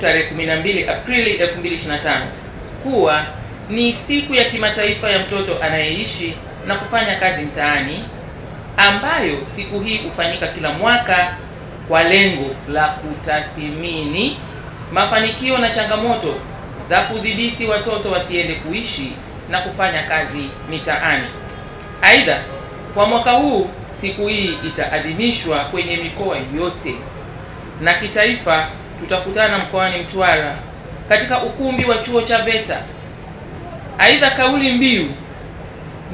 tarehe 12 Aprili 2025 kuwa ni siku ya kimataifa ya mtoto anayeishi na kufanya kazi mtaani, ambayo siku hii hufanyika kila mwaka kwa lengo la kutathmini mafanikio na changamoto za kudhibiti watoto wasiende kuishi na kufanya kazi mitaani. Aidha, kwa mwaka huu siku hii itaadhimishwa kwenye mikoa yote na kitaifa tutakutana mkoani Mtwara katika ukumbi wa chuo cha VETA. Aidha, kauli mbiu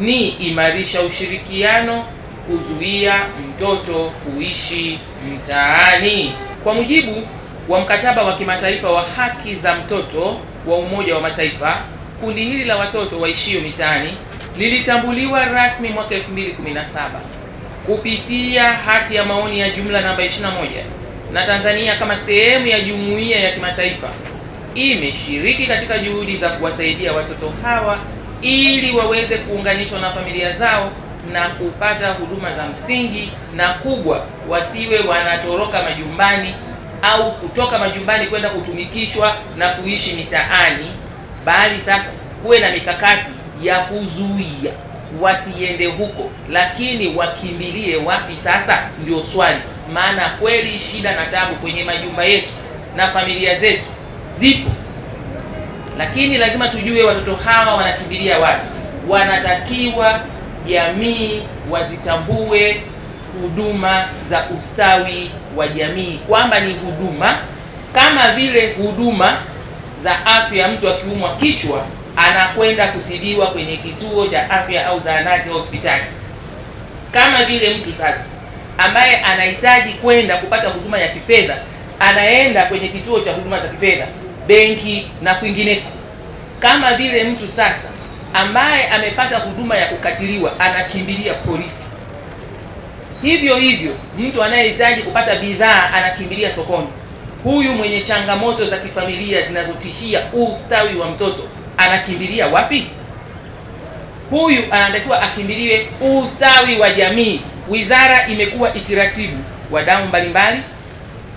ni imarisha ushirikiano kuzuia mtoto kuishi mtaani. Kwa mujibu wa mkataba wa kimataifa wa haki za mtoto wa Umoja wa Mataifa, kundi hili la watoto waishio mitaani lilitambuliwa rasmi mwaka 2017 kupitia hati ya maoni ya jumla namba 21 na Tanzania kama sehemu ya jumuiya ya kimataifa imeshiriki katika juhudi za kuwasaidia watoto hawa ili waweze kuunganishwa na familia zao na kupata huduma za msingi na kubwa, wasiwe wanatoroka majumbani au kutoka majumbani kwenda kutumikishwa na kuishi mitaani, bali sasa kuwe na mikakati ya kuzuia wasiende huko, lakini wakimbilie wapi? Sasa ndio swali. Maana kweli shida na tabu kwenye majumba yetu na familia zetu zipo, lakini lazima tujue watoto hawa wanakimbilia wapi. Wanatakiwa jamii wazitambue huduma za ustawi wa jamii kwamba ni huduma kama vile huduma za afya. Mtu akiumwa kichwa anakwenda kutibiwa kwenye kituo cha afya au zahanati hospitali. Kama vile mtu sasa ambaye anahitaji kwenda kupata huduma ya kifedha anaenda kwenye kituo cha huduma za kifedha, benki na kwingineko. Kama vile mtu sasa ambaye amepata huduma ya kukatiliwa anakimbilia polisi. Hivyo hivyo mtu anayehitaji kupata bidhaa anakimbilia sokoni. Huyu mwenye changamoto za kifamilia zinazotishia ustawi wa mtoto anakimbilia wapi? Huyu anatakiwa akimbilie ustawi wa jamii. Wizara imekuwa ikiratibu wadau mbalimbali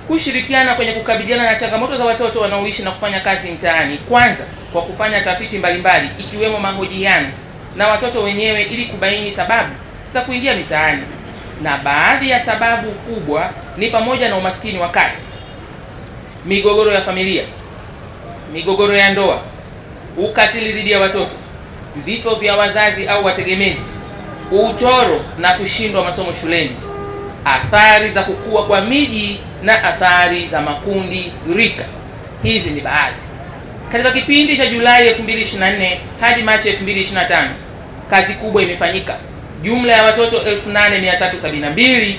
kushirikiana kwenye kukabiliana na changamoto za watoto wanaoishi na kufanya kazi mtaani, kwanza kwa kufanya tafiti mbalimbali ikiwemo mahojiano na watoto wenyewe ili kubaini sababu za kuingia mitaani, na baadhi ya sababu kubwa ni pamoja na umaskini wa kaya, migogoro ya familia, migogoro ya ndoa ukatili dhidi ya watoto, vifo vya wazazi au wategemezi, utoro na kushindwa masomo shuleni, athari za kukua kwa miji na athari za makundi rika. Hizi ni baadhi. Katika kipindi cha Julai 2024 hadi Machi 2025, kazi kubwa imefanyika. Jumla ya watoto 8372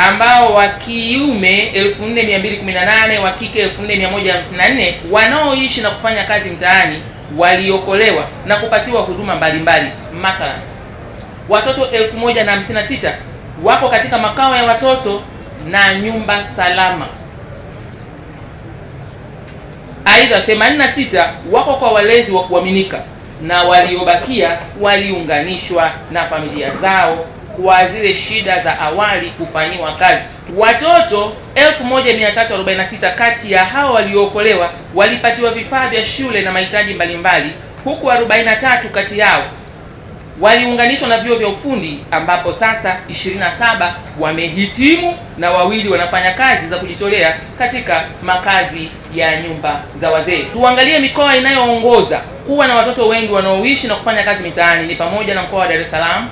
ambao wa kiume 4218 wa kike 4154 wanaoishi na kufanya kazi mtaani waliokolewa na kupatiwa huduma mbalimbali. Mathalan, watoto 1056 wako katika makao ya watoto na nyumba salama. Aidha, 86 wako kwa walezi wa kuaminika na waliobakia waliunganishwa na familia zao kwa zile shida za awali kufanyiwa kazi. Watoto 1346 kati ya hao waliookolewa walipatiwa vifaa vya shule na mahitaji mbalimbali, huku 43 kati yao waliunganishwa na vyuo vya ufundi ambapo sasa 27 wamehitimu na wawili wanafanya kazi za kujitolea katika makazi ya nyumba za wazee. Tuangalie mikoa inayoongoza kuwa na watoto wengi wanaoishi na kufanya kazi mitaani ni pamoja na mkoa wa Dar es Salaam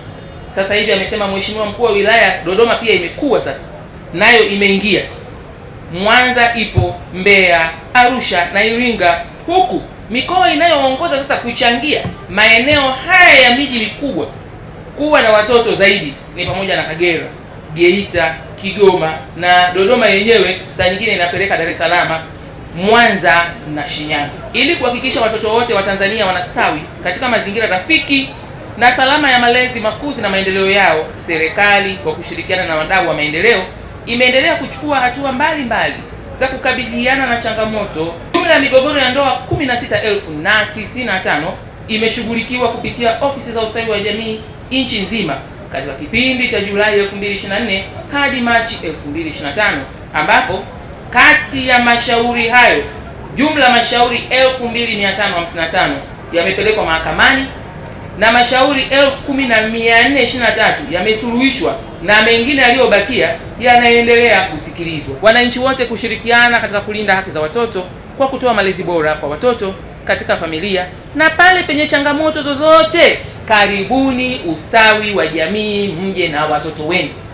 sasa hivi amesema mheshimiwa mkuu wa wilaya, Dodoma pia imekuwa sasa nayo imeingia, Mwanza ipo, Mbeya, Arusha na Iringa, huku mikoa inayoongoza sasa kuchangia maeneo haya ya miji mikubwa kuwa na watoto zaidi ni pamoja na Kagera, Geita, Kigoma na Dodoma yenyewe saa nyingine inapeleka Dar es Salaam, Mwanza na Shinyanga ili kuhakikisha watoto wote wa Tanzania wanastawi katika mazingira rafiki na salama ya malezi, makuzi na maendeleo yao, serikali kwa kushirikiana na wadau wa maendeleo imeendelea kuchukua hatua mbalimbali za kukabiliana na changamoto. Jumla ya migogoro ya ndoa 16,095 imeshughulikiwa kupitia ofisi za ustawi wa jamii nchi nzima katika kipindi cha Julai 2024 hadi Machi 2025, ambapo kati ya mashauri hayo jumla mashauri 2555 yamepelekwa mahakamani na mashauri elfu kumi na mia nne ishirini na tatu yamesuluhishwa na mengine yaliyobakia yanaendelea kusikilizwa. Wananchi wote kushirikiana katika kulinda haki za watoto kwa kutoa malezi bora kwa watoto katika familia, na pale penye changamoto zozote, karibuni ustawi wa jamii, mje na watoto wenu.